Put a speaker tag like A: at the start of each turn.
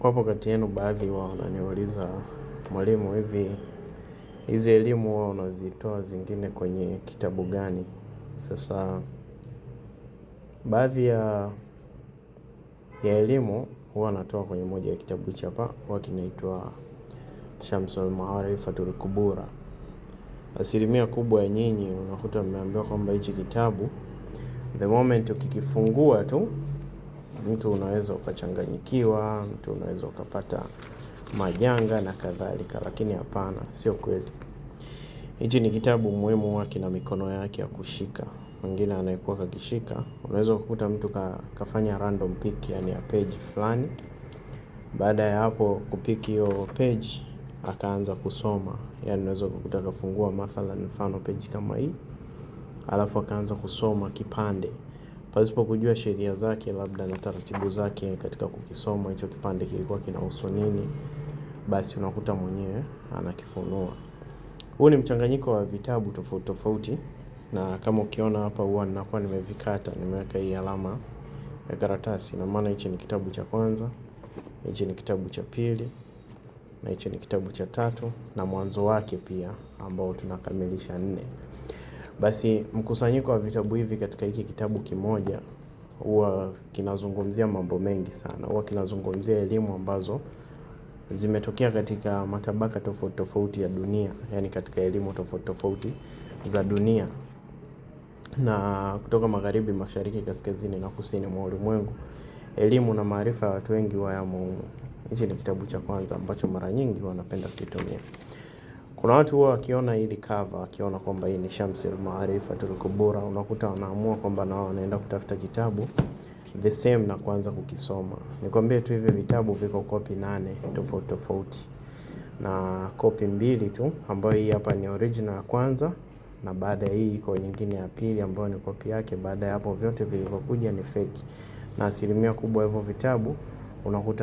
A: Wapo kati yenu baadhi wa wananiuliza mwalimu, hivi hizi elimu huwa unazitoa zingine kwenye kitabu gani? Sasa baadhi ya ya elimu huwa natoa kwenye moja ya kitabu hichi hapa, huwa kinaitwa Shamsul Maarifatul Kubura. Asilimia kubwa ya nyinyi unakuta mmeambiwa kwamba hichi kitabu the moment ukikifungua tu mtu unaweza ukachanganyikiwa, mtu unaweza ukapata majanga na kadhalika, lakini hapana, sio kweli. Hichi ni kitabu, muhimu wake na mikono yake ya kushika. Mwingine anayekuwa kakishika, unaweza kukuta mtu ka, kafanya random pick, yani ya page fulani. Baada ya hapo kupiki hiyo page, akaanza kusoma, yani unaweza kukuta kafungua mathalan, mfano page kama hii, alafu akaanza kusoma kipande pasipo kujua sheria zake labda na taratibu zake katika kukisoma hicho kipande kilikuwa kinahusu nini, basi unakuta mwenyewe anakifunua. Huu ni mchanganyiko wa vitabu tofauti tofauti, na kama ukiona hapa huwa ninakuwa nimevikata, nimeweka hii alama ya karatasi, na maana hichi ni kitabu cha kwanza, hichi ni kitabu cha pili na hichi ni kitabu cha tatu na mwanzo wake pia ambao tunakamilisha nne. Basi mkusanyiko wa vitabu hivi katika hiki kitabu kimoja huwa kinazungumzia mambo mengi sana, huwa kinazungumzia elimu ambazo zimetokea katika matabaka tofauti tofauti ya dunia, yani katika elimu tofauti tofauti za dunia na kutoka magharibi, mashariki, kaskazini na kusini mwa ulimwengu. Elimu na maarifa ya watu wengi wayamo Hichi ni kitabu cha kwanza ambacho mara nyingi wanapenda kukitumia. Kuna watu huwa wakiona hili cover, wakiona kwamba hii ni Shamsul Maarifatul Kubura, unakuta wanaamua kwamba nao wanaenda kutafuta kitabu the same na kuanza kukisoma. Nikwambie tu hivi vitabu viko kopi nane tofauti tofauti, na kopi mbili tu, ambayo hii hapa ni original ya kwanza, na baada ya hii iko nyingine ya pili ambayo ni kopi yake. Baada ya hapo, vyote vilivyokuja ni fake, na asilimia kubwa hivyo vitabu unakuta